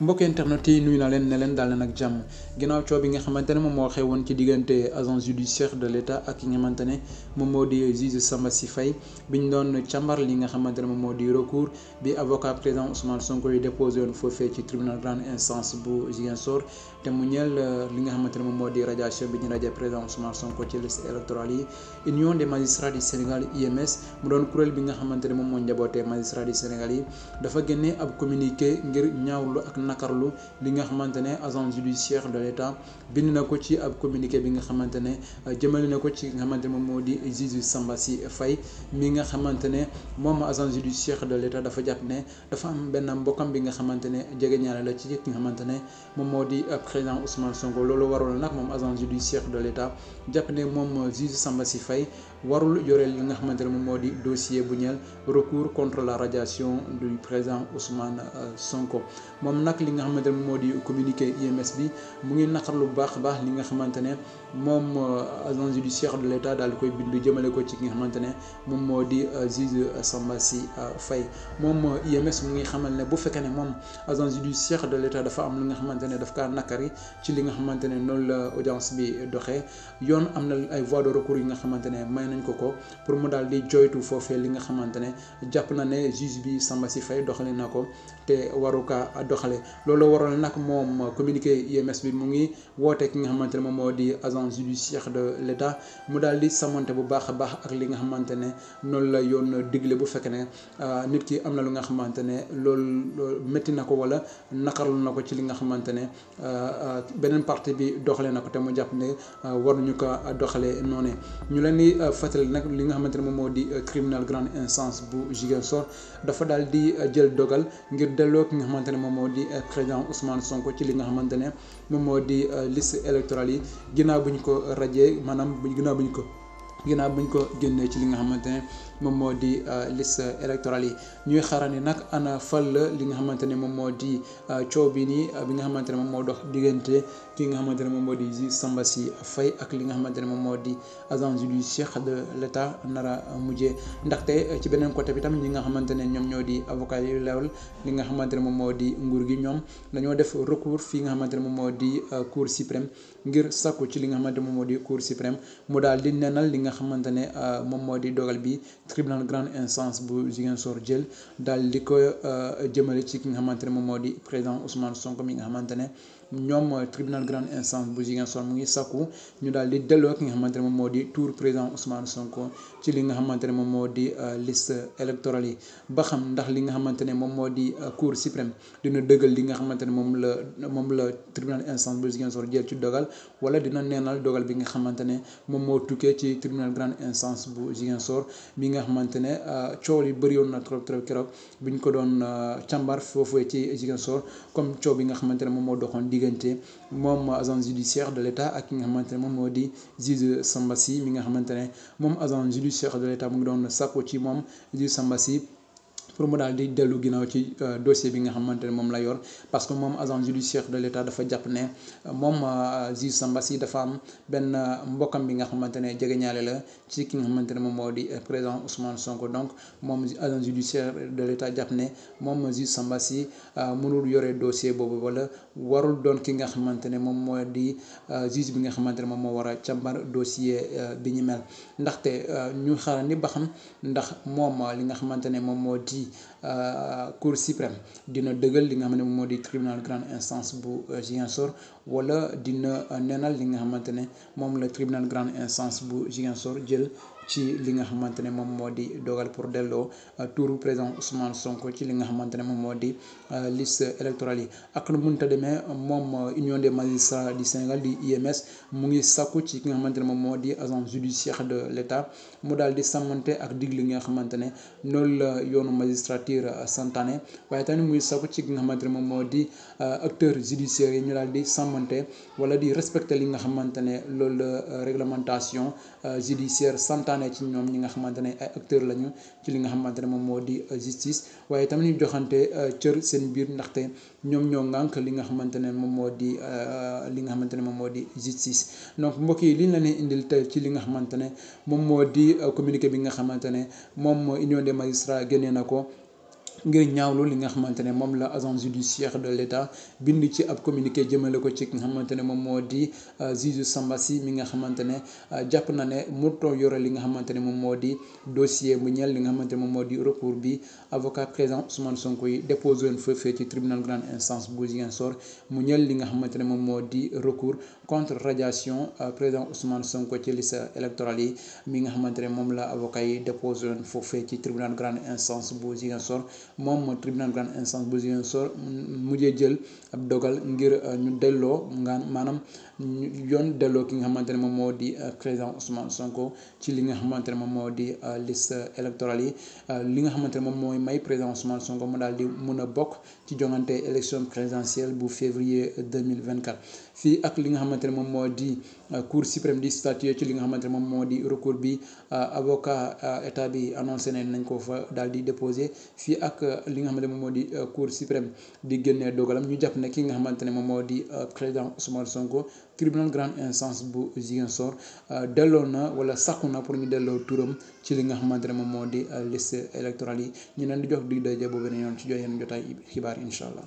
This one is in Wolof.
mbokk internet yi nuyu na leen ne leen daal nag jàmm ginnaaw coow bi nga xamante moom moo xewoon ci yi nga xamante ne ne moom moo di recours bi avocat président Ousmane Sonko yi déposé euh, moom moo di radiation bi ñu radié président Ousmane Sonko ci liste électorale yi union des magistrats Sénégal bi nga xamante ne moom moo njabootee magistrats du Sénégal yi dafa génnee ab communiqué ngir ñaawlu ak nakarlu li nga xamante ne agence judiciaire de l'État bind na ko ci ab communiqué bi nga xamante ne euh, jëmale na ko ci nga xamante moom moo di juge Samba si Faye mi nga xamante ne moom agence judiciaire de l'État dafa jàpp ne dafa am benn mbokkam bi nga xamante ne jege ñaale la ci ki nga xamante ne moom moo di euh, président Ousmane Sonko loolu warul nag moom agence judiciaire de l'État jàpp ne moom juge Samba Sy Faye warul yore li nga xamante ne moom moo di dossier bu ñeel recours contre la radiation du président Ousmane euh, Sonko moom nag li nga xamante ne moo di communiqué UMS bi mu ngi naqarlu lu baax a baax li nga xamante ne moom euh, agence judiciaire de l' état daal di koy bind jëmale ko ci nga xamante ne moom moo di euh, juge euh, Samba si Faye moom UMS mu ngi xamal ne bu fekkee ne moom agence judiciaire de l' état dafa am li nga xamante ne daf kaa nakari ci li nga xamante ne noonu la audience bi doxe yoon am na ay voies de recours yi nga xamante ne may nañ ko ko pour mu daal di joytu foofee li nga xamante ne jàpp na ne juge bi Samba si Faye doxali na ko te waru kaa doxale loolu waroon nag moom communiqué UMS bi mu ngi wootee ki nga xamante ne moom moo di agence judiciaire de l' mu daal di samante bu baax a baax ak li nga xamante ne noonu la yoon digle bu fekkee ne euh, nit ki am na lu nga xamante ne loolu métti na ko wala naqarlu na ko ci li nga xamante ne euh, euh, beneen partie bi doxalee na ko te mu jàpp ne waruñu ko doxalee noonu ñu leen di fàttali nag li nga xamante ne moom moo di tribunal grande instance bu Ziguinchor dafa daal di jël dogal ngir delloo ki xamante ne moom moo di président Ousmane Sonko ci li nga xamante ne moom moo di euh, liste électorale yi ginnaaw bu ñu ko rajee maanaam ginnaaw bu ñu ko. ginnaaw buñ ko génnee ci li nga xamante ne moom moo di euh, liste électorale yi ñuy xarani nag ana fal la li nga xamante ne moom moo di euh, coow bi nii euh, bi nga xamante ne moom moo dox diggante ki nga xamante ne moom moo di juge Samba Sy Faye ak li nga xamante ne moom moo di agent judiciaire de l'État nara mujjee ndaxte ci beneen côté bi tam ñi nga xamante ne ñoom ñoo di avocat lewal li nga xamante ne moom moo di nguur gi ñoom dañoo def recours fii nga xamante ne moom moo di cour suprême ngir sakku ci li nga xamante moom moo di cour suprême mu daal di nenal li nga nga xamante ne euh, moom moo di dogal bi tribunal grande instance bu Ziguinchor jël daal di ko euh, jëmale ci ki nga xamante ne moom moo di président Ousmane Sonko mi nga xamante ne ñoom tribunal grande instance bu Ziguinchor mu ngi sakku ñu daal di delloo ki nga xamante ne moom moo di tour président Ousmane Sonko ci li nga xamante ne moom moo di euh, liste électorale yi ba xam ndax li nga xamante ne moom moo di euh, cour suprême dina dëggal li nga xamante ne moom la moom la tribunal instance bu Ziguinchor jël ci dogal bi nga xamante ne moom moo tukkee ci tribunal grande instance bu Ziguinchor bi nga xamante ne euh, coow li bëri woon na trop trop keroog bi ñu ko doon càmbar foofee ci Ziguinchor comme coow bi nga xamante ne moom moo doxoon diggante moom agent judiciaire de létat ak ki nga xamante ne moom moo di juge Samba Sy mi nga xamante ne moom agent judiciaire de l' état mu ngi doon sàkku ci moom juge Samba Sy pour mu daal di dellu ginnaaw ci euh, dossier bi nga xamante ne moom la yor parce que moom agent judiciaire de l'état dafa jàpp ne euh, moom euh, juge Samba Sy dafa am benn mbokkam bi nga xamante ne jegeñaale la ci ki nga ne moom moo di président Ousmane Sonko donc moom agent judiciaire de l'état jàpp ne moom juge Samba si mënul yore dossier boobu wala warul doon ki nga xamante ne moom moo di juge bi nga xamante ne moom moo war a càmbar dossier bi ñu mel ndaxte ñu xaarandi ba xam ndax moom li nga xamante ne moom moo di Euh, cour suprême dina dëggal li nga xam ne moo di tribunal grande instance bu euh, Ziguinchor wala dina euh, nenal li nga xamante ne moom la tribunal grande instance bu Ziguinchor jël ci li nga xamante ne moom moo di dogal pour delloo euh, turu président Ousmane Sonko ci li nga xamante ne moom moo di euh, liste électorale yi ak nu mënta demee moom euh, union des magistrats du Sénégal di UMS mu ngi sakku ci ki nga xamante ne moom moo di agent judiciaire de l'État mu daal di sàmmante ak digg li nga xamante ne loolu la yoonu magistrature santaane waaye tamit muy sakku ci ki nga xamante moom moo di acteur judiciaire yi ñu daal di sàmmante wala di respecter li nga xamante ne loolu la réglementation judiciaire santaane waxtaanee ci ñoom ñi nga xamante ne ay acteurs lañu ci li nga xamante ne moom moo di euh, justice waaye tamit ñu joxante euh, cër seen biir ndaxte ñoom ñoo ngànk li nga xamante ne moom moo di euh, li nga xamante ne moom moo di justice donc mbokk yi li ñu la ne indil tey ci li nga xamante ne moom moo di communiqué bi nga xamante ne moom Union des magistrats génnee na ko ngir ñaawlu li nga xamante ne moom la agence judiciaire de l' état bind ci ab communiqué jëmale ko ci nga xamante ne moom moo di euh, juge Samba si mi nga xamante ne euh, jàpp na ne moto yore li nga xamante ne moom moo di dossier bu ñeel li nga xamante ne moom moo di recours bi avocat président Ousmane Sonko yi déposé ci tribunal grande instance bu Ziguinchor mu ñeel li nga xamante ne moom moo di recours contre radiation euh, président Ousmane Sonko ci liste électorale yi mi nga xamante ne moom la avocat yi déposé woon foofee ci tribunal grande instance bu Ziguinchor moom tribunal grande instance bu Ziguinchor mujjee jël ab dogal ngir euh, ñu delloo ngaan maanaam ñu yoon delloo ki nga xamante ne moom moo di euh, président Ousmane Sonko ci li nga xamante ne moom moo di euh, liste électorale yi li nga xamante ne moom mooy may président Ousmane Sonko mu daal mën a bokk ci jongante élection présidentielle bu février 2024 fii ak li nga xamante ne moom moo di cour suprême di statuer ci li nga xamante ne moom moo di recours bi avocat état bi annoncé ne nañ ko fa daal di déposé fii ak Euh, li nga xamante ne moom moo di euh, cour suprême di génnee dogalam ñu jàpp ne ki nga xamante ne moom moo di euh, président Ousmane Sonko tribunal grande instance bu Ziguinchor delloo na wala sàkku na pour ñu delloo turam ci li nga xamante ne moom moo di liste électorale yi ñu leen di jox dig daje boobu ne yoon ci jox yenn jotaay xibaar incha allah.